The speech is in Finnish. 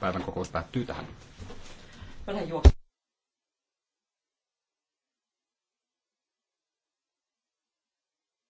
päivän kokous päättyy tähän.